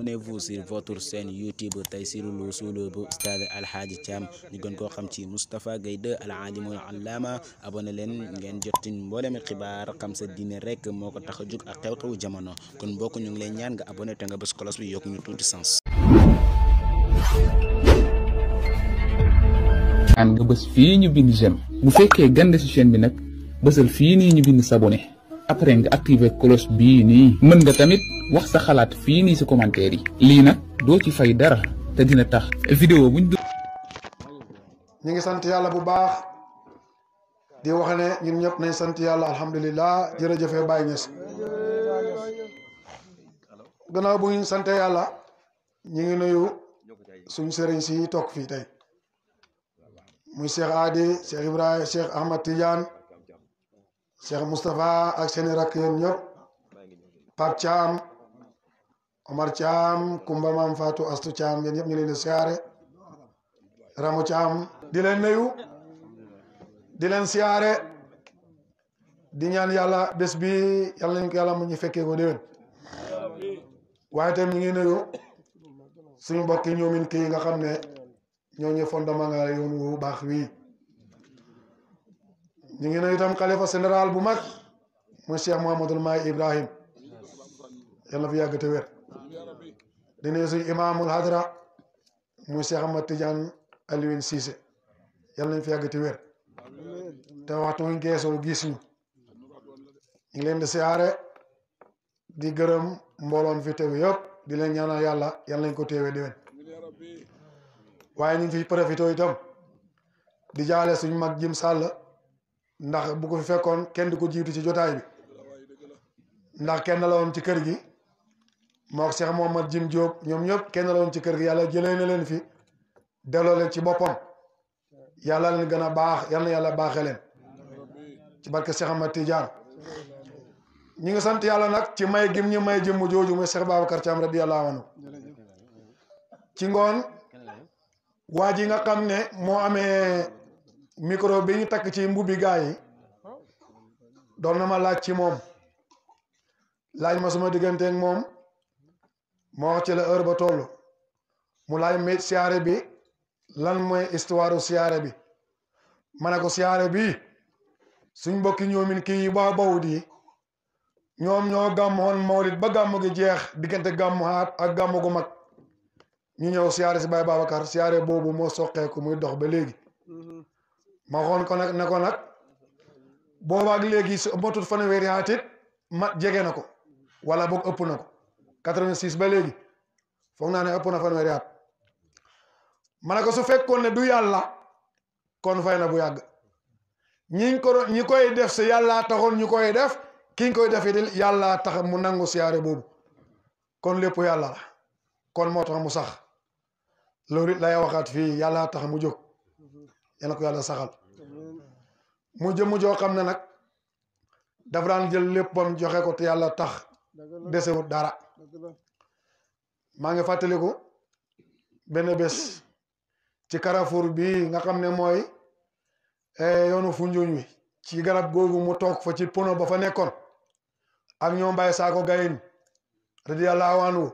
Abonnez-vous sur votre chaîne YouTube Taysiroul Wousoul bu Oustaz Alhaji Thiam ñu gën koo xam ci Moustapha Gueye 2 al alimul allama abonné leen ngeen jotin mboolemi xibaar xam sa diine rek moo ko tax jóg ak xew-xewu jamono kon mbokk ñu ngi lay ñaan nga abonné te nga bës cloche bi yokk ñu tuuti sens nga bës fii bu fekkee gande ci chaîne bi nag bësal fii nii ñu bind s'abonner après nga activer cloche bi ni mën nga tamit wax sa xalaat fii nii si commentaire yi lii nag doo ci fay dara te dina tax vidéo buñ ñu ngi sant yàlla bu baax di wax ne ñun ñëpp nañ sant yàlla alhamdulilah jërëjëfee Baye Niass gannaaw bu ñu sant yàlla ñu ngi nuyu suñ sëriñ si toog fii tey muy Cheikh Adi Cheikh ibrahim Cheikh Ahmad Tidiane Cheikh Moustapha ak seeni rakk yoon ñëpp Pape Thiam Omar Thiam Kumba Maam faatu Astou Thiam yéen ñëpp ñu leen di siyaare ramu Thiam di leen nuyu di leen siyaare di ñaan yàlla bés bi yàlla nañu ko mu ñu fekkee ko déwén waaye tam ñu ngi nuyu suñu mbokk ñoomin kii nga xam ne ñoo ñu fondement nga yoon wu baax wii ñu ngi nuyu itam xalifa général bu mag muy Cheikh Mouhamadul Mahi Ibrahim yàlla fi yàgg te wér di nuyu imaamul hadra muy Cheikh Ahmad Tidiane Alioune Cissé yàlla nañ fi yàgg te wér te waxtu wuñ geesoo gis ñu ñu leen di siyaare di gërëm mbooloom fi teew yëpp di leen ñaanal yàlla yàlla nañ ko teewee déwén waaye ñu ngi fi profité itam di jaale suñu mag jim sàll ndax bu fi fekkoon kenn di ko jiitu ci jotaay bi ndax kenn la woon ci kër gi mook seex moom Mohamad Jim Diop ñoom ñëpp kenn la woon ci kër gi yàlla jëlee na leen fi delloo leen ci boppam yàlla leen gën a baax yal na yàlla baaxe leen ci barke Cheikh Ahmad Tidiane ñi ngi sant yàlla nag ci may gim ñu may jëmm jooju muy Cheikh Babacar Thiam radiyallahu anhu ci ngoon waa ji nga xam ne moo amee micro bi ñu takk ci mbubbi gaa yi doon na ma laaj ci moom laaj ma suma digganteeg moom moo wax ci la heure ba toll mu laaj ma siyaare bi lan mooy histoire siyaare bi ma ne ko siyaare bi suñ mbokki ñoomin kii yi ba bawut yi ñoom ñoo gàmmoon mawlit ba gàmm gi jeex diggante gàmmu ak gàmm gu mag ñu ñëw siyaare si Baay Babacar siyaare boobu moo soqeeku muy dox ba léegi mm-hmm. ma waxoon ko nag ne ko nag boobaak léegi su matut fanweeri at ma jege na ko wala boog ëpp na 86 ba léegi foog naa ne ëpp na fanweeri at ma ne su ne du kon fay na bu yàgg ñi ko ñi koy def si yàllaa taxoon ñu koy def ki koy def it yàllaa tax mu nangu siyaare boobu kon lépp yàlla la kon moo mu sax loolu lay waxaat fii yàllaa tax mu jóg yalla ko yalla saxal mu jëm jo xamne nak nag dafa daan jël leppam joxe ko te yalla tax desewut dara nga ngi ko ben bes ci Carrefour bi nga xam ne mooy eh, yoonu Foundiougne wi ci garab googu mu tok fa ci pono ba fa nekkon ak ñom Baye ko Gayin radiyallahu anhu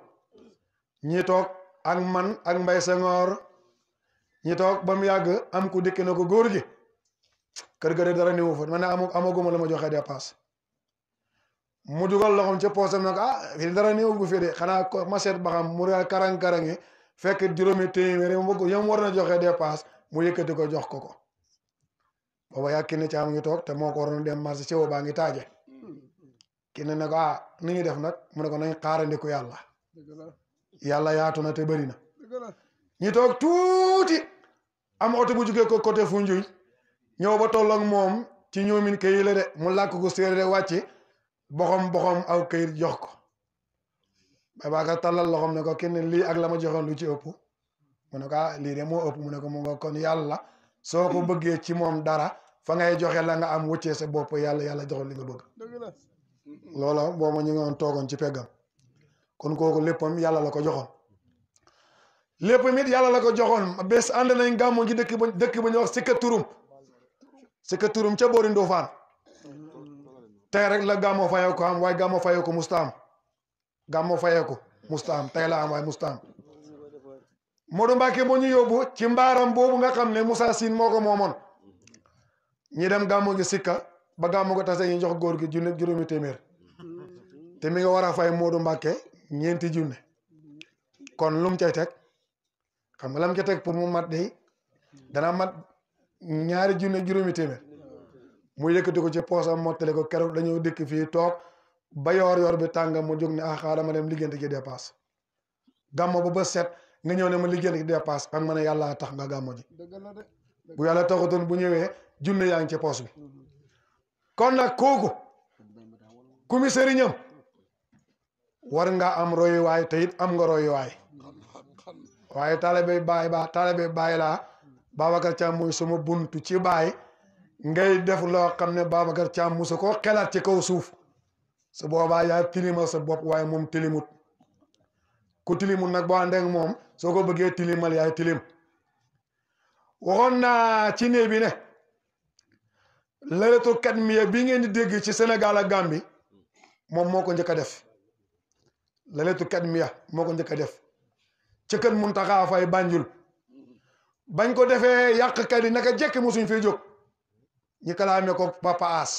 ñi tok ak man ak sa ngor ñu toog ba mu yàgg am ku dikk na ko góor gi kër ga de dara néew fa man ne amaguma la ma joxe dépasse mu dugal loxoom ca poosam nag ah fii dara néew gu fi de xanaa ko ma seet ba xam mu reer karang karange fekk juróomi téeméeri yam war na joxe dépasse mu yëkkati ko jox ko ko booba yaa kinne ci am ngi toog te moo ko waroon dem marché ci baa ngi taaje kinne ne ko ah ni ñu def nag mu ne ko nañ xaarandiku yàlla yàlla yaatu na te bëri na ñu toog tuuti am oto bu jugee ko côté Foundiougne ñëw ba tolloog moom ci ñoomin kayit la de mu làkk ko séeréer wàcce boxom boxom aw kayit jox ko bay baaka tàllal loxom ne ko kenn lii ak la ma joxoon lu ci ëpp mu ne ka ah, lii de moo ëpp mu ne ko mu nga kon yàlla soo ko bëggee ci moom dara fa ngay joxe la nga am wuccee sa bopp yàlla yàlla joxoon li nga bëgg loola boo ma ñu ngi woon toogoon ci peggam kon kooku léppam yàlla la ko joxoon lépp mit yàlla la ko joxoon bés ànd nañ gàmmu ji dëkk ba dëkk ba ñu wax sikka turum sikka turum ca boori Ndofaan tey rek la gàmmoo fayoo ko am waaye gàmmoo fayoo ko mustaam gàmmoo fayoo ko mustaam tey la am waaye mustaam Modou Mbacke moo ñu yóbbu ci mbaaram boobu nga xam ne Moussa siin moo ko moomoon ñi dem gàmmu gi sikka ba gàmmu ko tase ñu jox góor gi junne juróomi téeméer te mi nga war a fay Modou Mbacke ñeenti junne kon lum cay teg xam nga lam ca teg pour mu mat day dana mat ñaari junne juróomi téeméer mu yëkkati ko ci poosam mottale ko keroog dañoo dëkk fii toog ba yoor yoor bi tàng mu jóg ne ah xaaral ma dem liggéeyante ci dépasse gàmmo ba ba set nga ñëw ne ma liggéeyante ci dépasse ak ma ne yàlla tax nga gàmmoo ji bu yàlla taxutoon bu ñëwee junne yaa ngi ci poos bi mm-hmm. kon nag kooku ku mi war nga am royuwaay te it am nga royuwaay waaye taalibe baay ba taalibe baay laa Babacar Thiam mooy suma buntu ci baay ngay def loo xam ne Babacar Thiam musu ko xelaat ci kaw suuf su booba yaa tilima sa bopp waaye moom tilimut ku tilimut nag boo àndeek moom soo ko bëggee tilimal yaay tilim waxoon naa ci néeg bi ne laylatul katmiya bi ngeen di dégg ci senegal ak Gambie moom moo ko njëkk a def laylatul katmiya moo ko njëkk def ca kër Muntaxa Fay Banjul bañ ko defee yàqkat yi naka jekki musuñ fee jóg ñi kalaame ko papa as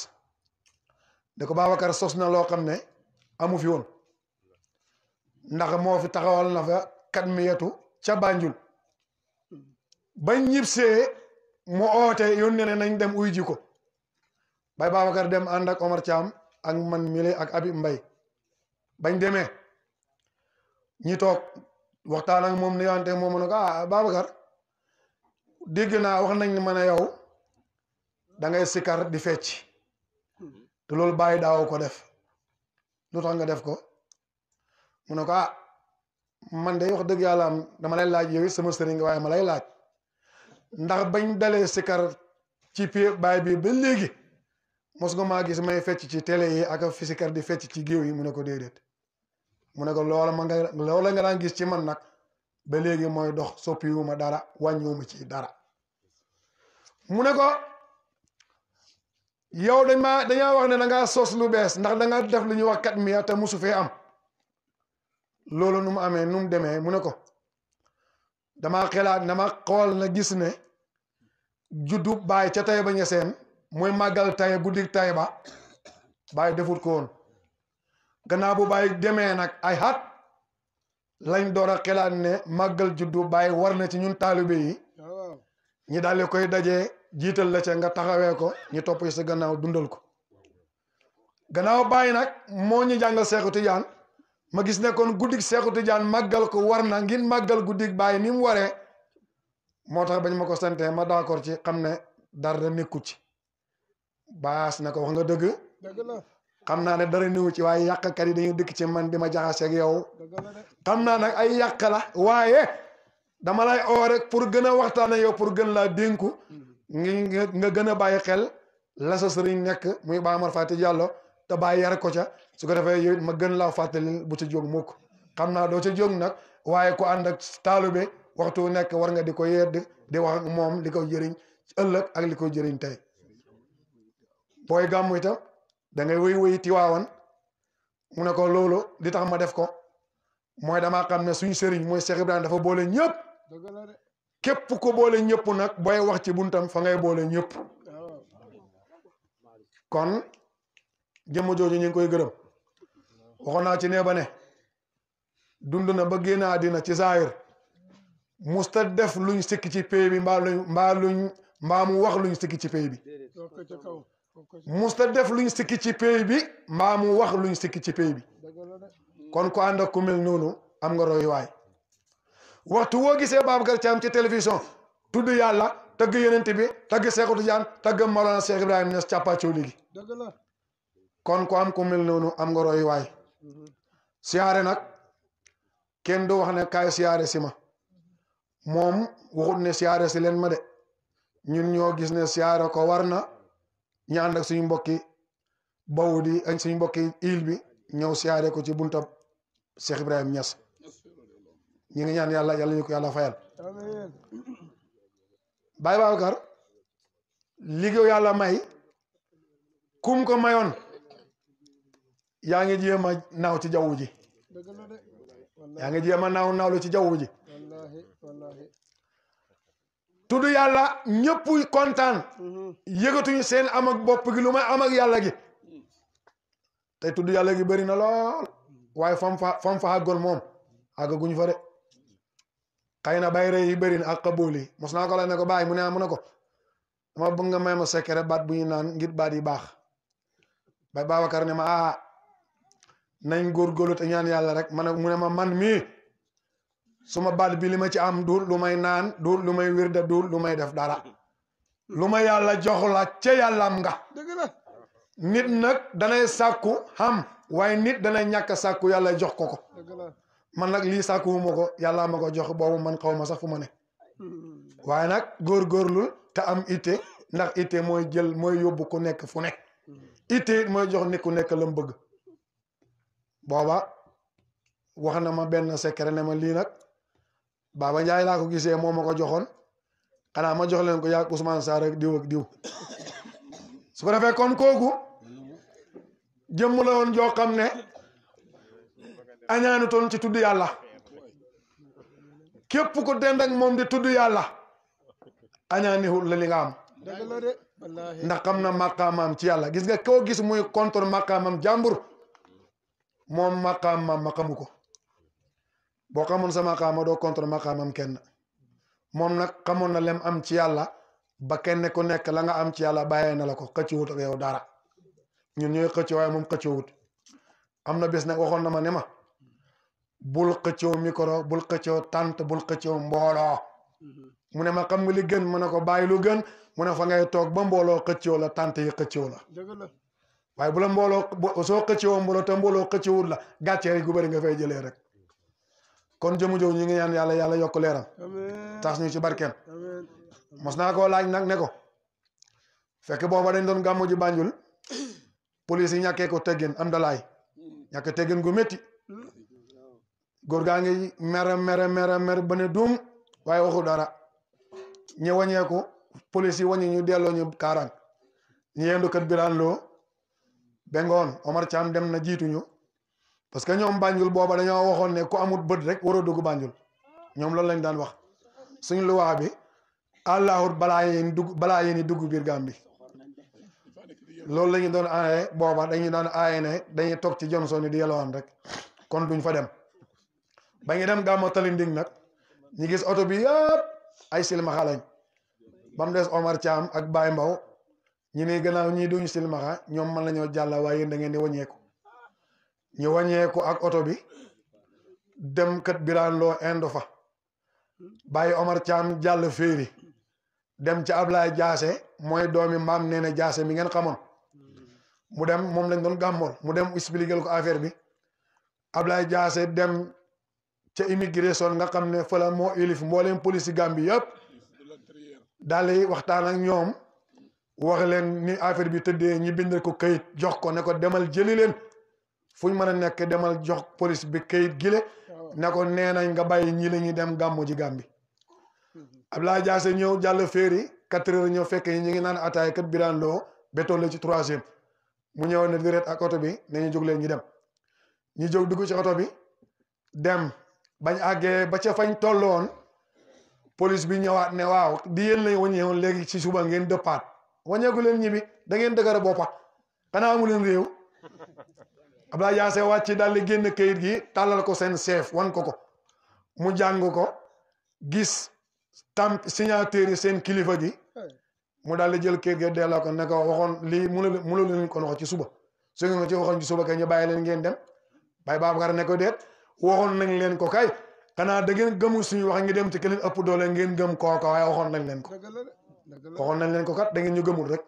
ne ko Babacar sos na loo xam ne amu fi woon ndax moo fi taxawal na fa kat mi yetu ca Banjul bañ ñibsee mu oote yónnee ne nañ dem uy ji ko bay Babacar dem ànd ak Omar Thiam ak man mile ak Abi Mbay bañ demee ñi toog waxtaan ak moom nuyuwante moom mu ne ko ah Babacar dégg naa wax nañ ma a yow dangay ngay di fecc te loolu bàyyi daaw ko def lu tax nga def ko mu ne ko ah man de wax dëgg yàlla am dama lay laaj yow sama sëriñ waaye ma lay laaj ndax bañ dalee sikkar ci pie baay bii ba léegi mos nga maa gis may fecc ci télé yi ak fi sikkar di fecc ci géew yi mu ne ko déedéet mu ne ko loola ma nga loola nga daan gis ci man nag ba léegi mooy dox soppiwuma dara wàññiwuma ci dara mu ne ko yow dañ ma dañaa wax ne da ngaa sos lu bees ndax da nga def lu ñuy wax kat mi te musu fee am loolu nu mu amee nu mu demee mu ne ko dama xelaat na ma xool na gis ne juddu baay ca tay ba ñeseen mooy màggal tay guddi tay ba bàyyi defut ko woon gannaaw bu bàyyi demee nag ay xat lañ door a xelaat ne màggal juddu bàyyi war na ci ñun taalibe yi ñi daal koy daje jiital la ca nga taxawee ko ñu topp ci sa gannaaw dundal ko gannaaw bàyyi nag moo ñu jàngal Seexu Tijaan ma gis ne kon guddik Seexu Tijaan màggal ko war na ngin màggal guddik bàyyi ni mu waree moo tax bañ ma ko santee ma d'accord ci xam ne dara nekku ci baas na ko wax nga dëgg. xam naa ne dara néew ci waaye yàqkat yi dañu dëkk ci man di ma jaxaseeg yow xam naa nag ay yàq la waaye dama lay oo rek pour gën a waxtaane yow pour gën laa dénku nga gën a bàyyi xel la sa sëriñ nekk muy baamar fàtte jàllo te bàyyi yar ko ca su ko defee ma gën laa fàttali bu ca jóg mukk xam naa doo ca jóg nag waaye ko ànd ak bi waxtu nekk war nga di ko yedd di wax ak moom li ko jëriñ ëllëg ak li ko jëriñ tey booy gàmmu itam da ngay wéy wéy tiwaawan mu ne ko loolu li tax ma def ko mooy damaa xam ne suñu sëriñ mooy Cheikh Ibrahima dafa boole ñëpp képp ko boole ñëpp nag booy wax ci buntam fa ngay boole ñëpp kon jëmm jooju ñu ngi koy gërëm waxoon naa ci nee ba ne dund na ba génna àddina ci saayir musta def luñ sikki ci pay bi mbaa luñ mbaa luñ mbaa mu wax luñ sikki ci pay bi musta def luñ sikki ci pay bi mbaa mu wax luñ sikki ci pay bi kon ku ànd ak ku mel noonu am nga roy waay waxtu woo gisee Babacar Thiam ci télévision tudd yàlla tagg yonent bi tagg Seexu Tijaan tagg Mawlana Cheikh Ibrahima Niass càppaacoo léegi kon ku am ku noonu am nga roy waay mhm. siyaare nag kenn du wax ne kaay siyaare si ma moom waxut ne siyaare si leen ma de ñun ñoo gis ne siyaare ko war na ñu ànd ak suñu mbokki bawu di ak suñu mbokki il bi ñëw siyaare ko ci bunta Cheikh Ibrahima Niass ñu ngi ñaan yàlla yàlla ñu ko yàlla fayal Baye Babacar liggéeyu yàlla may kum ko mayoon yaa ngi jéem a naaw ci jaww ji yaa ngi jéem a naaw naawlu ci jaww ji tudd yàlla ñëppuy kontaan mhm. yëgatuñu seen am ak bop gi lu am ak yalla gi tay tudd yalla gi bari na lol waaye fam fa fam fa àggoon moom àggaguñu fa de xëy bay yi bari na ak xabool yi ko la ne ko bàyyi mu ne am na ko dama bu nga may ma sekkere bat bu ñu naan ngir bat yi bax bay babakar ne ma a ah, nañ golu te ñaan yalla rek mané mu ne ma man mi suma baat bi li ma ci am duur lu may naan duur lu may wirda duur lu may def dara lu ma yàlla jox la ca yàllaam nga nit nag danay sàkku xam waaye nit danay ñàkk sàkku yàlla jox ko ko man nag lii sàkkuwuma ko yàllaa ma ko jox boobu man xaw ma sax fu ma ne hmm. waaye nag góorgóorlul te am itte ndax itte mooy jël mooy yóbbu ku nekk fu ne hmm. itte mooy jox nit ku nekk lam bëgg booba wax na ma benn secret ne ma lii nag baba Njaay la ko gisee moma ko joxon xana ma jox len ko ya Ousmane Sarr ak diw ak diw su ko defee kon koku jëm la won jo xam ne añaanu toon ci tuddu yalla kep ko dend ak mom di tudd yàlla añaanihul la li nga am ndax xamna maqamam ci yalla gis nga ko gis muy contre maqamam jambour mom maqamam maqamuko boo xamoon sama maqaama doo contre maqaamam kenn moom nag xamoon na lem am ci yàlla ba kenn nekk la nga am ci yàlla bàyyee na la ko xëcciwut ak yow dara ñun ñooy xëccoo waaye moom xëccoowut am na bés nag waxoon na ma ne ma bul xëccoo micro bul xëccoo tànt bul xëccoo mbooloo mu ne ma xam nga li gën mu ne ko bàyyi lu gën mu ne fa ngay toog ba mbooloo xëccoo la tànt yi xëccoo la waaye bu la mbooloo soo xëccoo mbooloo ta mbooloo xëccoowut la gàccee gu bëri nga fay jëlee rek kon jëmu jëw ñi ngi ñaan yalla yok leral amen tax ñu ci barkeem mos naa ko laaj nak ne ko fekk booba dañ doon gamu ji banjul police yi ñaké ko teggen am dalay ñaké teggen gu metti gor ga nga mer mer mer mer ba way waxu dara ñi ko police yi wañu ñu délo ñu kaaraan ñu yendu kat biran lo bengon Omar cham dem na ñu parce que ñoom Banjul booba dañoo waxoon ne ku amut bët rek waroo dugg Banjul ñoom loolu lañ daan wax suñ luwaa bi àllahut balaa yéen dugg balaa yéen dugg biir Gàmbi loolu la ñu doon aaye booba dañu daan aaye ne dañuy toog ci Johnson yi di yelwaan rek kon duñ fa dem ba ñu dem gàmmo tali nag ñu gis oto bi yëpp ay silmaxa lañ ba mu des Omar Thiam ak Baye Mbaw ñu ne gannaaw ñii duñu silmaxa ñoom mën lañoo jàlla waaye yéen da ngeen di wàññeeku ñu wàññee ko ak oto bi dem kët biraan loo indo fa bàyyi Omar Thiam jàll féeri dem ca Ablaye Jaase mooy doomi maam nee na Jaase mi ngeen xamoon mu dem moom lañ doon gàmmool mu dem expliquer ko affaire bi Ablaye Jaase dem ca immigration nga xam ne fa la moo ilif mbooleem police Gàmbi yëpp daal di waxtaan ñoom wax leen ni affaire bi tëddee ñi bind ko kayit jox ko ne ko demal jëli leen fu ñu mën a nekk demal jox police bi kayit gile ne ko nee nañ nga bàyyi ñii la ñuy dem gàmmu ji gàmbi mm-hmm. Abdoulaye Diassé ñëw jàll féeri quatre heures ñëw fekk ñi ñu ngi naan ataay kat biraan loo bétoon la ci troisième mu ñëwoon ne direct ak oto bi ne ñu jóg leen ñi dem ñu jóg dugg ci oto bi dem bañ àggee ba ca fañ woon police bi ñëwaat ne waaw di yéen lañ waññeewoon léegi ci suba ngeen dëppaat waññeeku leen ñibi dangeen ngeen dëgëra boppa xanaa amu leen Abdoulaye Niasse wàcc daal di génn kayit gi tàllal ko seen seef wan ko ko mu jàng ko gis tam signataires yi seen kilifa gi mu daal di jël kayit gi delloo ko ne ko waxoon lii mu mënul leen ko wax ci suba su ngeen ko ci waxoon ci suba kay ñu bàyyi leen ngeen dem Baye Babacar ne ko déet waxoon nañ leen ko kay xanaa da ngeen gëmul suñu wax ngi dem ci keneen ëpp doole ngeen gëm kooka waaye waxoon nañ leen ko waxoon nañ leen ko kat da ñu gëmul rek.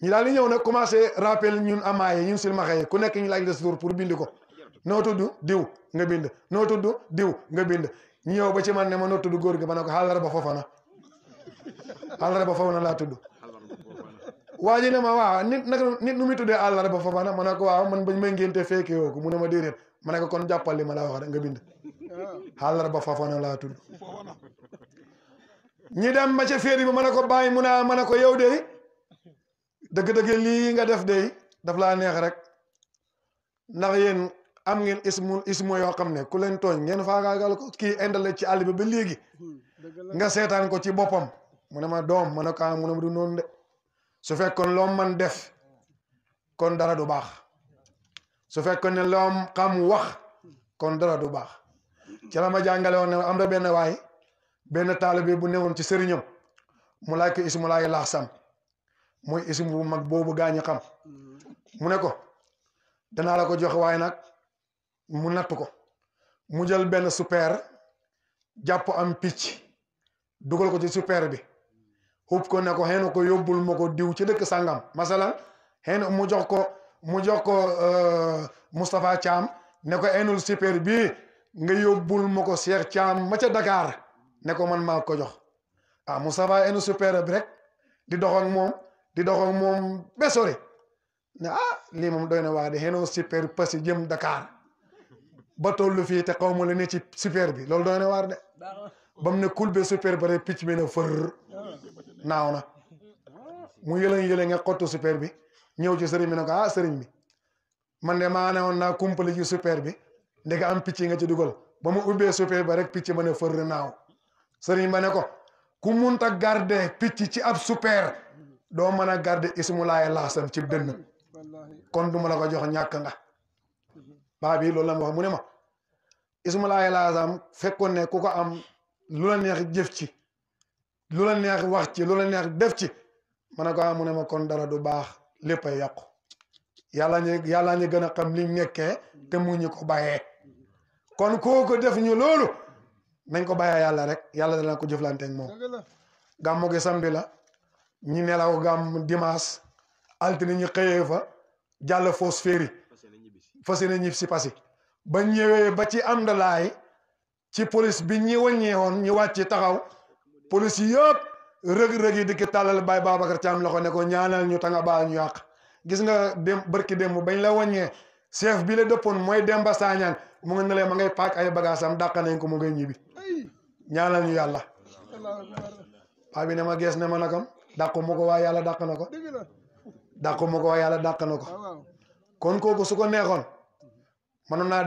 ñu daal di ñëw nag commencé rappel ñun amaaye ñun silmaxa yi ku nekk ñu laaj la sa tur pour bind ko noo tudd diw nga bind noo tudd diw nga bind ñu ñëw ba ci man ne ma noo tudd góor gi ma ne ko xaalara ba foofa na ba foofa na laa tudd waa ji ne ma waaw nit nag nit nu muy tuddee àllara ba foofa na ma ne ko waaw man bañ may ngénte fekke woo ko mu ma déedéet ma ne kon jàppal li ma laa wax rek nga bind àllara ba foofa na laa tudd ñi dem ba ca féeri bi ma ne ko bàyyi mu ne ah, ma ne ko yow de deug deug li nga def day daf laa neex rek ndax yeen am ngeen ismu ismu yo xamne ne ku len togn ngeen faagaagal ko kii indale ci alibi bi ba legi nga setan ko ci bopam munema dom ma doom ah, du non de su fekkon loo man def kon dara du bax su fekkon ne loo xam wax kon dara du bax ci lama ma won am na ben way ben talibé bu newon ci serignam mu laaj ismu laay moy isim bu mag bobu gañu xam mu ne ko danaa la ko jox way nak mu nat ko mu jël ben super japp am pitch dugal ko ci super bi xub ko ne ko ko yobul mako diw ci dekk sangam masala xëy mu jox ko mu jox ko euh, mustafa cham ne enul super bi, nga yobul mako Cheikh cham ma ca Dakar ne ko man mako jox ah Mustafa enu super bi rek di dox ak di dox ak moom ba sori ne ah lii moom doy na waa de xenoo super pasi jëm dakaar ba tollu fii te xaw ma la ne ci super bi loolu doy na waar de ba mu ne kul be super ba rek picc mi ne fër naaw na mu yële yële nga xottu super bi ñëw ci sëriñ bi ne ah, sëriñ bi man de maa ne woon naa kumpale ci bi ndega am picc nga ci ba mu ubbee super ba rek picc ma ne fër naaw sëriñ ba ne ko ku munta garde picc ci ab super doo mën a garder ismulaay laasam ci dënn kon du ma la ko jox ñàkk nga baa bi loolu la ma mu ne ma ismulaay laasam fekkoon ne ku ko am lu la neex jëf ci lu la neex wax ci lu la neex def ci ma ne ko am ah, mu ne ma kon dara du baax lépp ay yàqu yàlla ñu yàlla ñu gën a xam liñ nekkee te mu ñu ko bàyyee kon kooku def ñu loolu nañ ko bàyyee yàlla rek yàlla dana ko jëflante moom gàmmu gi la ñi nelaw gam dimanche altine ñi xeye fa jall foos féeri fas yéene ñib si passé ba ñewé ba ci andalay ci police bi ñi wàññeewoon ñi wacce taxaw police yop reug reug yi dik talal bay loxo ne ko ñaanal ñu tanga ba ñu gis nga dem barki dem bañ la wagne chef bi la moy dem ba sañan mu nga nelee ma ngay pak ay bagage am nañ ko mu ngay ñibi ñaanal ñu yalla bi ne ma nakam dako ma ko waaye yàlla dàq na ko dàqu ma ko waaye na kon koku suko ko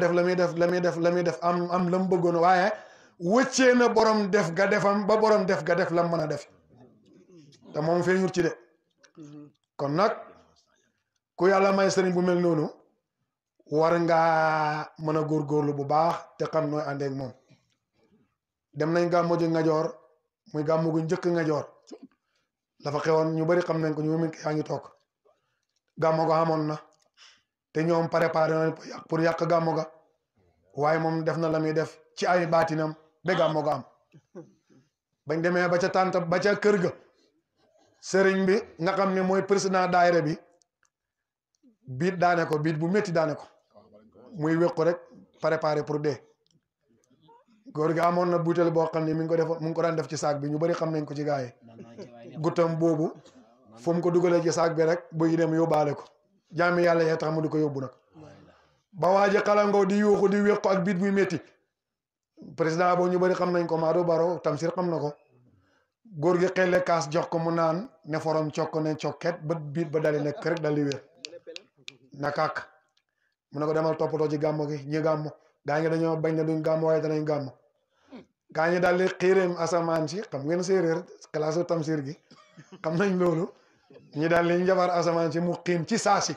def lamay def lamay def lamay def am am lam beugono waye waaye na borom def ga defam ba borom def ga def lam meuna def te moom feeñut ci de kon nak ku yalla may serigne bu mel nonu war ngaa mën gor góorgóorlu bu baax te xam ande ak mom dem nañ muy gamugo ñeuk dafa xewoon ñu bari xam nañ ko ñu mu yaa ngi toog gàmmo ga amoon na te ñoom préparé nañ pour yàq gàmmo ga waaye moom def na la muy def ci ay baatinam ba gàmmo ga am bañ demee ba ca tànt ba ca kër ga sëriñ bi nga xam ni mooy président daayira bi biit daane ko biit bu metti daane ko muy wéqu rek parepare pour dee góor gi amoon na buutal boo xam ne mi ngi ko defoon mu ngi ko daan def ci saak bi ñu bari xam nañ ko ci gaay gutam bobu fum ko dugale ci saag bi rek buy dem yóbbaale ko jami yalla ya tax mu ko ba waji ji di yuxu di wéqu ak bit muy metti president bo ñu bari xam nañ ko maado Baro Tamsir xam nako gor gi xelle kaas jox ko mu naan ne forom ciok ne cioket ba bit ba dali nek rek dali nakak mu ne demal topoto ci gamu gi ñi gamu gaa ngi bañ na duñ gamu way danañ gamu gaa ñi daal di xiireem asamaan si xam ngeen séeréer classe tamsir gi xam nañ loolu ñi daal di njabar asaman si mu xiin ci saasi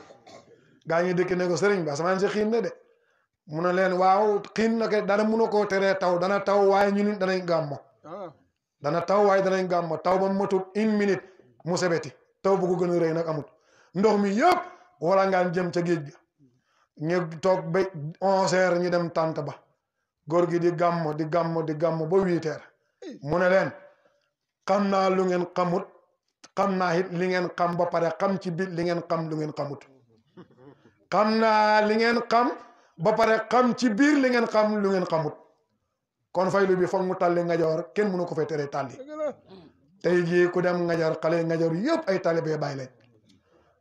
gaa ñi dëkk ne ko sëriñ bi asamaan si xiin na de mu ne leen waaw xiin na ko dara mënu koo teree taw dana taw waaye ñu ah. dana taw waaye danañ gàmmo taw ba matut minute musabeti taw bu ko gën amut ndox mi yëpp wala ngaan jëm ca géej ñu toog ba ñu dem tànt ba Gorgi gi di gam di gam di gam ba huit heures mu ne leen lu ngeen xamut xamna hit li ngeen xam ba pare xam ci bit li ngeen xam lu ngeen xamut xamna li ngeen xam ba pare xam ci bir li ngeen xam lu ngeen xamut kon faylu bi foog mu tàlli ngajoor ken ko fay tere tàlli tay jii ku dem ngajoor xale ngajoor yëpp ay bay lañ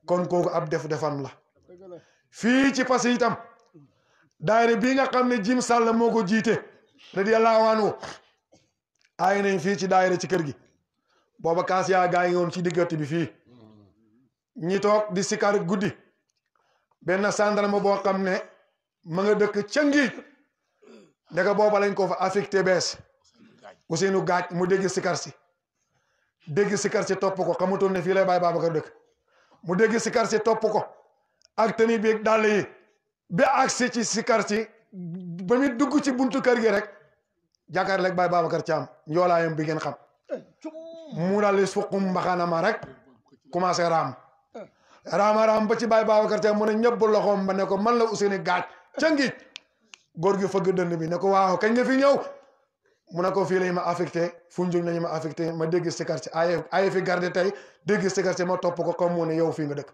kon koku ab def defam la fi ci fas itam daayira bii nga xam ne jim sàll moo ko jiite radiyallahu anhu aay nañ fii ci daayira ci kër gi booba kaas yaa gaa ngi woon ci diggante bi fii ñi toog di sikar guddi benn sandarma boo xam ne ma nga dëkk ca ngiij booba lañ ko fa affecté bees Ousseynou gaaj mu dégg sikar si dégg sikar si topp ko xamutoon ne fii lay baay bàyyi Babacar dëkk mu dégg sikar si topp ko ak tenue bi ak dàll yi ba agsi ci sikar ba muy dugg ci buntu kër gi rek jàkkaarloog Baay Babacar Thiam njoolaayam bi ngeen xam eh, mu daal di suqum mbaxana ma rek commencé raam raama raam ba ci Baay Babacar Thiam mu ne ñëpp loxoom ba ne ko man la Ousseynou Gaaj ca ngiit góor gi fëgg dënn bi ne ko waaw kañ nga fi ñëw mu ne ko fii lañ ma affecté Foundiougne nañu ma affecté ma dégg sikar si ay ay fi gardé tey dégg sikar ma topp ko comme mu ne yow fii nga dëkk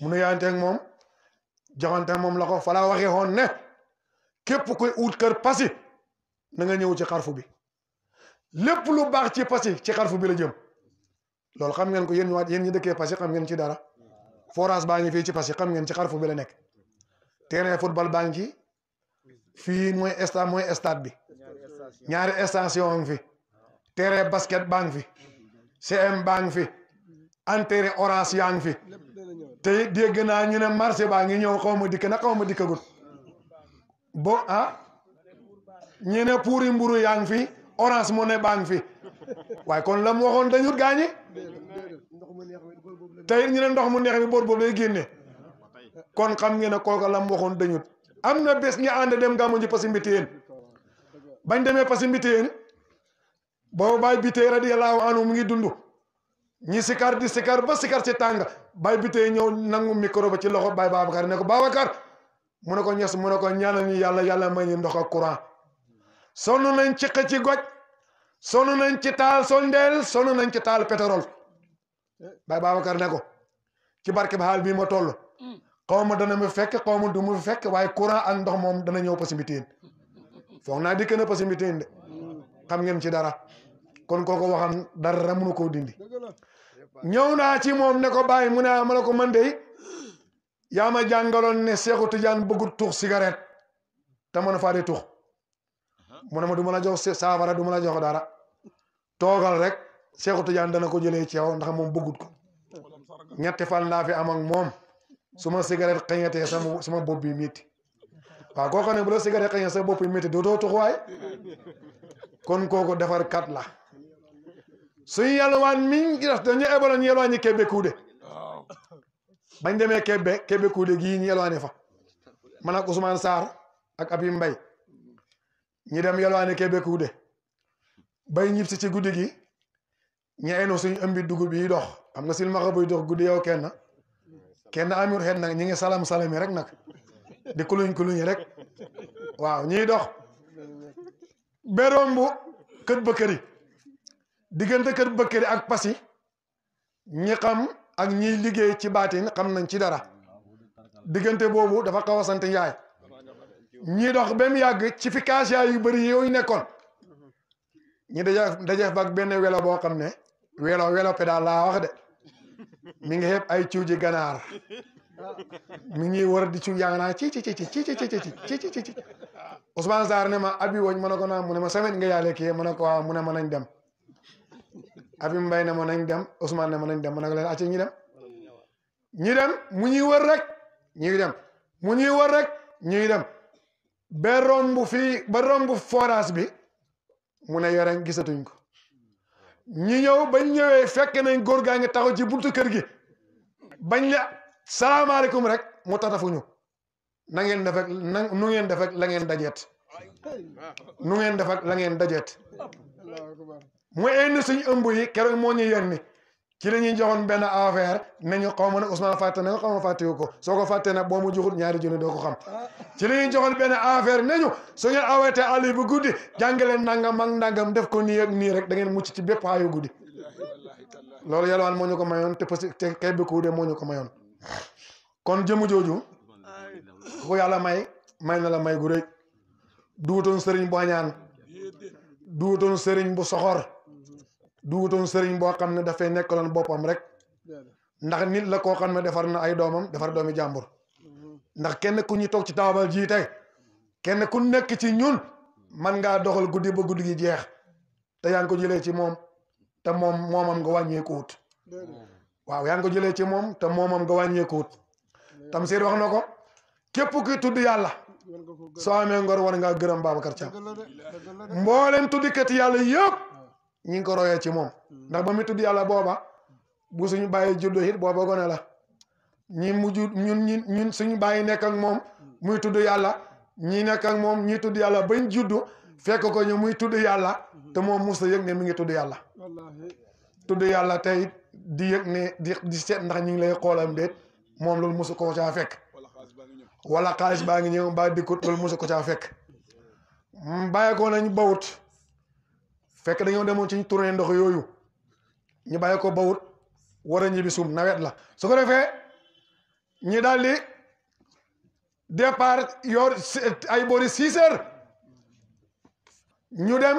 mu ne yaanteeg moom. joxante moom la ko falaa waxee woon ne képp koy uut kër pasi na nga ñëw ci xarfu bi lépp lu baax ci pasi ci xarfu bi la jëm loolu xam ngeen ko yéen ñëwaat yéen ñi dëkkee pasi xam ngeen ci dara forage baa ngi fii ci pasi xam ngeen ci xarfu bi la nekk terrain football baa ngi ci fii mooy stade mooy stade bi ñaari station ngi fi terrain basket baa ngi fi CM baa ngi fi enterré orange yaa ngi fi te it dégg ñu ne marché ba ngi ñëw xawma dik na xawma ma dikkagul bo ha ah, ñu ne pour mburu yaa fi orange mo ne baa fi way kon lam waxon dañu gañi te ñu ne ndox mu neex bi bor bob lay génne kon xam ngeen ne ko la mu waxoon dañut am na bés ñu dem gamu ñu pass mbitéen bañ démé pass mbitéen bo bay bité radiyallahu anhu mu ngi dundu ñi sikar di sikar ba sikar si tàng bay bi tey ñëw nangu micro ba ci loxo bay Babacar ne ko Babacar mu ne ko ñes mu ne ko ñaanal yàlla yàlla may ñu ak courant sonn nañ ci xëcc ci goj sonn nañ ci taal sondeel sonn nañ ci taal pétrole bay Babacar ne ko ci barke ba xaal bii ma toll xaw ma dana mu fekk xaw ma du fekk waaye courant ak ndox moom dana ñëw pasimitiin foog naa dikk na pasimitiin de xam ngeen ci dara kon kooko waxam dara mënu koo dindi ñëw naa ci mom ne ko bàyyi mu ne ah ne ko man de yaa ma jàngaloon ne Seexu tidiane bëgg tuux cigarette ta mëna fa di tuux uh-huh. mu ne ma du la jox du jox dara togal rek dana ko jëlé ci yow ndax mom bëggut ko ñetti fal na fi am ak mom suma cigarette xëñatee sama sama sigaret bi métti waaw koo ne bu la cigarette xëñee sa bi do do tuux way kon koko defar kat la. suñ yalwaan miñ def dañu ebaloon ñu yalwaan ñi kebbe kuude bañ demee kebbe kebbe kuude gii ñu yalwaane fa man ak Ousmane Sarr ak Abi Mbay ñi dem yalwaane kebbe kuude bay ñib si ci guddi gi ñu eno suñ ëmbi dugub yi dox xam nga silmaxa buy dox guddi yow kenn kenn amul xeet nag ñi ngi salam salami rek nag di kuluñ kuluñ rek waaw ñiy dox berombu kët bëkkëri diggante kër bëkkëri ak pasi ñi xam ak ñiy liggéey ci baatin xam nañ ci dara diggante boobu dafa xaw a sant yaay ñi dox ba mu yàgg ci fi kaas yaay yu bëri yooyu nekkoon ñi daje daje fa benn welo boo xam ne welo welo pédale laa wax de mi ngi xeeb ay ciw ji ganaar mi ngi war di ciw yaa naa ci ci ci ci ci ci ci ci ci Ousmane Sarr ne ma abi woñ ma ne ko naa mu ne ma semaine nga yàlla kii ma ne ko waaw mu ne ma nañ dem abim bay ne mo nañ dem Ousmane ne mo nañ dem ma nag leen acci ñi dem ñi dem mu ñi wër rek ñi dem mu ñi wër rek ñi dem ba rombu fi ba rombu forage bi mu ne yoreñ gisatuñ ko ñi ñew bañ ñewé fekk nañ gor gaangi taxaw ci buntu kër gi bañ la alaykum rek mu tatafuñu na ngeen def ak nu ngeen def ak la ngeen dajet nu ngeen def ak la ngeen mu indi suñ ëmb yi keroog moo ñu yónni ci la ñuy joxoon benn affaire nañu xaw ma ne Ousmane fàtte na xaw ma fàttewu ko soo ko fàttee nag boo mu joxul ñaari junni doo ko xam ci la ñuy joxoon benn affaire nañu su ngeen awetee àll bu guddi leen nangam ak ndangam def ko nii ak nii rek da ngeen mucc ci bépp aayu guddi loolu yàlla moo ñu ko mayoon te parce que kay bi kuude moo ñu ko mayoon kon jëmu jooju ku yàlla may may na la may gu rëy duutoon sëriñ sëriñ bu soxor duutoon sëriñ bo xamne da fay nekkalon bopam rek ndax nit la ko xamne defar na ay domam defar domi jambour ndax kenn ku ñi tok ci taabal ji tay kenn ku nekk ci ñun man nga doxal guddi ba guddi gi jeex te yaa ko jëlee ci mom te mom momam nga wut waaw yaa ko jëlee ci mom te momam nga tam seen wax nako ko képp tudd yalla so amé ngor war ngaa babakar Babacar mbolen tuddi kat yalla yépp ñi ngi ko royee ci moom mm. ndax ba mu tudd yàlla booba bu suñu bàyyi juddoo it booba gone la ñi mujj ñun ñun ñun suñu bàyyi nekk ak moom mm. muy tudd yàlla ñi nekk ak moom ñi tudd yàlla bañ juddu fekk ko ñu muy tudd yàlla mm-hmm. te moom musta yëg ne mi ngi tudd yàlla tudd yàlla tey di yëg ne di di seet ndax ñu ngi lay xoolam déet moom loolu mosu ko caa fekk wala xaalis baa ngi ñëw baa dikkut loolu mosu ko caa fekk bàyyeekoo nañ bawut fekk dañoo demoon ci ñu tournée ndox yooyu ñu bàyyi ko bawut war a ñibbi suum nawet la su ko defee ñi daal di départ yor ay boori six ñu dem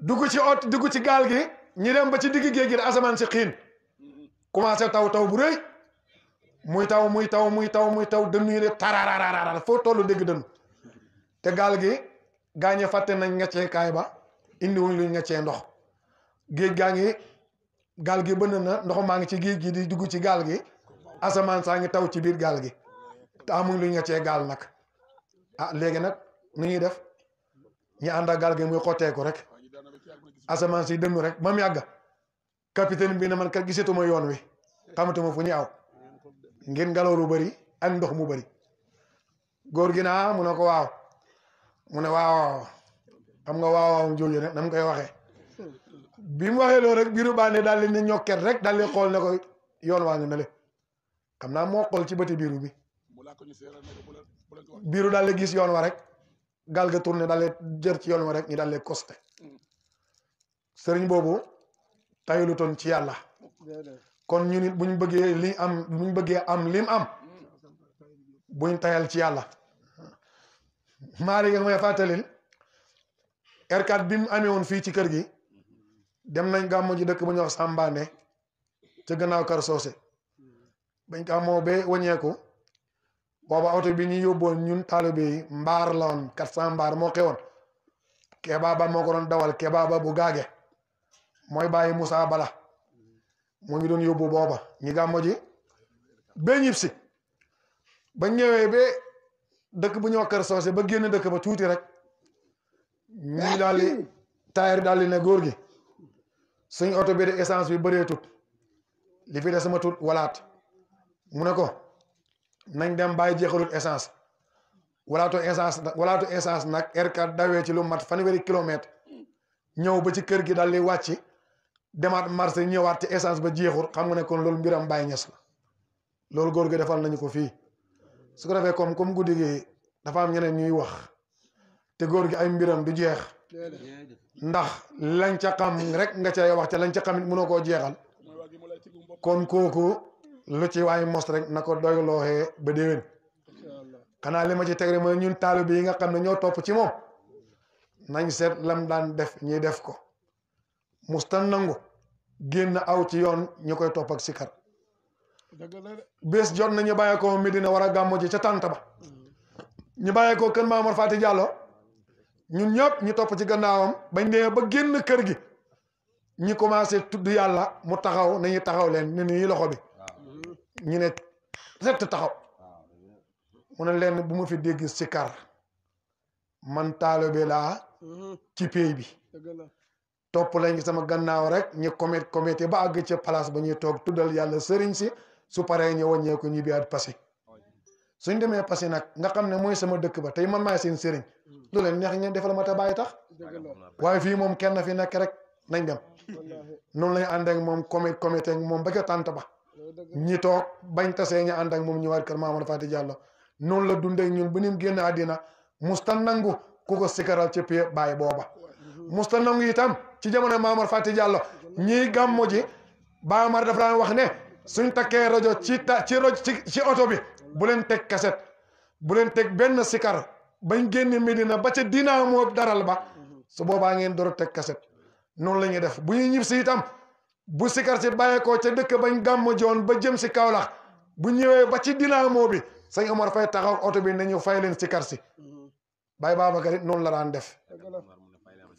dugg ci ot dugg ci gaal gi ñi dem ba ci digg géej gi asamaan si xiin commencé taw taw bu rëy muy taw muy taw muy taw muy taw dënnu yi ne tarararararar foo toll dégg dënnu te gaal gi gaañe fàtte nañ nga cee kaay ba indi wuñ luñ neccee ndox geej gaa ngi gaal gi na ndox ma ngi ci geej gi di dugg ci gal gi asaman saa ngi taw ci biir gal gi ta amuñ luñ neccee gal nak ah légui nak ñi def ñi anda gal gi muy ko rek asaman si dem rek ba mu capitaine bi ne man kat gisatuma yoon wi xamatuma fu ñaw ngeen bari ak ndox mu bari gor gi na ah, mu ne ko waaw mu ne waaw xam nga waaw waawaaw jooju nag nam koy waxee bi mu waxee loolu rek biiru bànne daal di ñokket rek daal di xool ne ko yoon waa ngi ne le xam naa moo xool ci bëti biiru bi biiru daal di gis yoon wa rek gaal ga tourné daal di jër ci yoon wa rek ñu daal di costé sëriñ boobu taylu toon ci yàlla kon ñu nit buñ bëggee lii am buñ bëggee am lim am buñ tayal ci yàlla maari nga may fàttalil r bi mu amee fii ci kër gi dem nañ gàmmu ji dëkk bu ñuy wax Sambane ca gannaaw kar soose bañ ko amoo wañeeku booba oto bi ñu yóbboon ñun taalibe yi mbaar la woon 400 mbaar moo xewoon kebaaba moo ko doon dawal kebaaba bu gaage mooy bàyyi Moussa Bala moo ngi doon yóbbu booba ñi gàmmo ji ba si ba ñëwee ba dëkk bu ñoo kër soose ba génn dëkk ba tuuti rek ñii daal di daal di ne góor gi suñ oto bi de essence bi bëree tut li fi des ma tut walaat mu ne ko nañ dem bàyyi jeexalut essence walaatu essence walaatu essence nag R4 dawee ci lu mat fanweeri kilomètre ñëw ba ci kër gi daal di wàcc demaat marché ñëwaat ci essence ba jeexul xam nga ne kon loolu mbiram bàyyi ñes la loolu góor gi defal nañu ko fii su ko defee comme comme guddi gi dafa am ñeneen ñuy wax. te góor gi ay mbiram du jeex ndax lañ ca xam rek nga cay wax te lañ ca xam it mënoo jeexal kon kooku lu ci waay mos rek na ko doylooxee ba déwén xanaa li ci teg rek ñun yi nga xam ñoo ci nañ lam daan def ñuy def ko mustan nangu génn aw ci yoon ñu koy ak sikar Bes jot na ñu bàyyeekoo Medina war a gàmmo ji ñu ñun ñëpp ñu topp ci gannaawam bañ dee ba génn kër gi ñi commencé tudd yàlla mu taxaw nañu taxaw leen ne nii loxo bi ñu ne set taxaw mu ne leen bu mu fi dégg sikar man taalibe laa mm-hmm. ci pay bi topp lañ sama gannaaw rek ñu commet commetté ba àgg ci place ba ñuy toog tuddal yàlla sëriñ si su paree ñu wàññeeku ñibbi at passé suñ demee passé nag nga xam ne mooy sama dëkk ba tey man maay seen sëriñ mm. lu leen neex ngeen defal ma te bàyyi tax waaye fii moom kenn fii nekk rek nañ dem noonu lañ ànd moom comé comité moom ba ca tànt ba ñi toog bañ tasee ñu ànd ak moom ñëwaat kër Mamadou Fati Diallo noonu la dundee ñun bu ñu génn addina musta nangu ku ko sikaral ci pie baay booba musta nangu itam ci jamono Mamadou Fati Diallo ñiy gàmmu ji Baamar dafa daan wax ne suñ takkee rajo ci ta ci rajo ci oto bi bu leen teg kaset bu leen teg benn sikar bañ génne Medina ba ca dinaa moo daral ba su boobaa ngeen door teg kaset noonu la ñuy def bu ñuy ñib si itam bu sikar si bàyyeekoo ca dëkk bañ gàmm joon ba jëm si Kaolack bu ñëwee ba ci dinaa moo bi sëñ Omar fay taxaw oto bi nañu fay leen sikar si Baye Babacar it noonu la daan def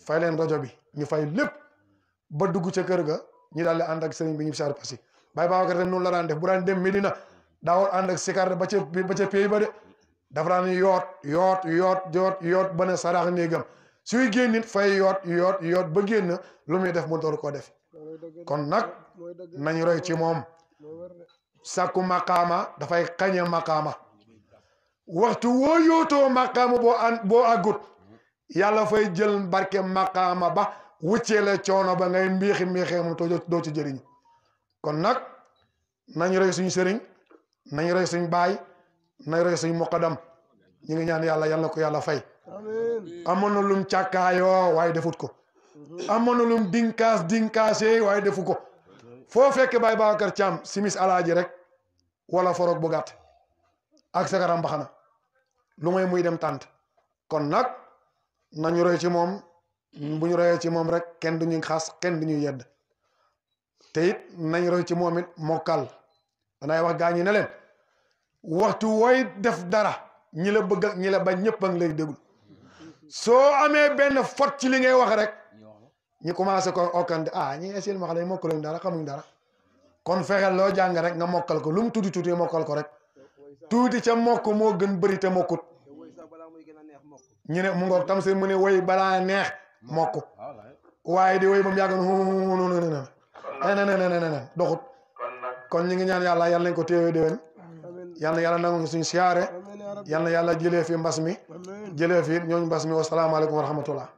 fay leen rajo bi ñu fay lépp ba dugg ca kër ga ñu daal di ànd ak sëriñ bi ñu saar pasi Baye Babacar itam noonu la daan def bu daan dem Medina daawul ànd ak sikar ba ca ba ca pey ba de dafa daan yoot yoot yoot yoot ba ne sarax néegam suy génn nit fay yoot yoot yoot ba génn lu muy def mu door koo def kon nag nañ roy ci moom sàkku maqaama dafay xañe maqaama waxtu woo yootoo yàlla fay jël barke maqaama ba wuccee la coono ba ngay mbiixi mbiixee moom to ci jëriñ kon nag nañ roy suñu sëriñ nañu roy suñ baay nañ roy suñ dam ñu ngi ñaan yàlla yal na ko yàlla fay amoon na lum càkkaayoo waaye defut ko amoon na lum dinkaas dinkaasee waaye defu ko foo baay Baye Babacar Thiam simis alaaji rek wala foroog bu gàtt ak sagaram mbaxana lu may muy dem tànt kon nag nañu roy ci moom bu ñu royee ci moom rek kenn du ñu xas kenn du ñu yedd te it nañ roy ci moom it mokkal danaay wax gaa ñi ne leen waxtu wooy def dara ñi la bëgg ak ñi la bañ ñëpp a ngi lay déglu soo amee benn fot ci li ngay wax rek ñi commencé ko okkante ah ñi seen wax la mokkaluñ dara xamuñ dara kon fexeel loo jàng rek nga mokkal ko lu mu tuuti tuuti mokkal ko rek tuuti ca mokk moo gën bëri te mokkut ñu ne mu ngoog tam seen mu ne woy balaa neex mokk waaye di woy ba mu yàgg na doxut kon ñu ngi ñaan yàlla yàlla nañ ko téewee déwén yal na yàlla nangu suñu siyaare yal yàlla jëlee fi mbas mi jëlee fi ñooñu mbas mi wasalaamaaleykum wa rahmatullah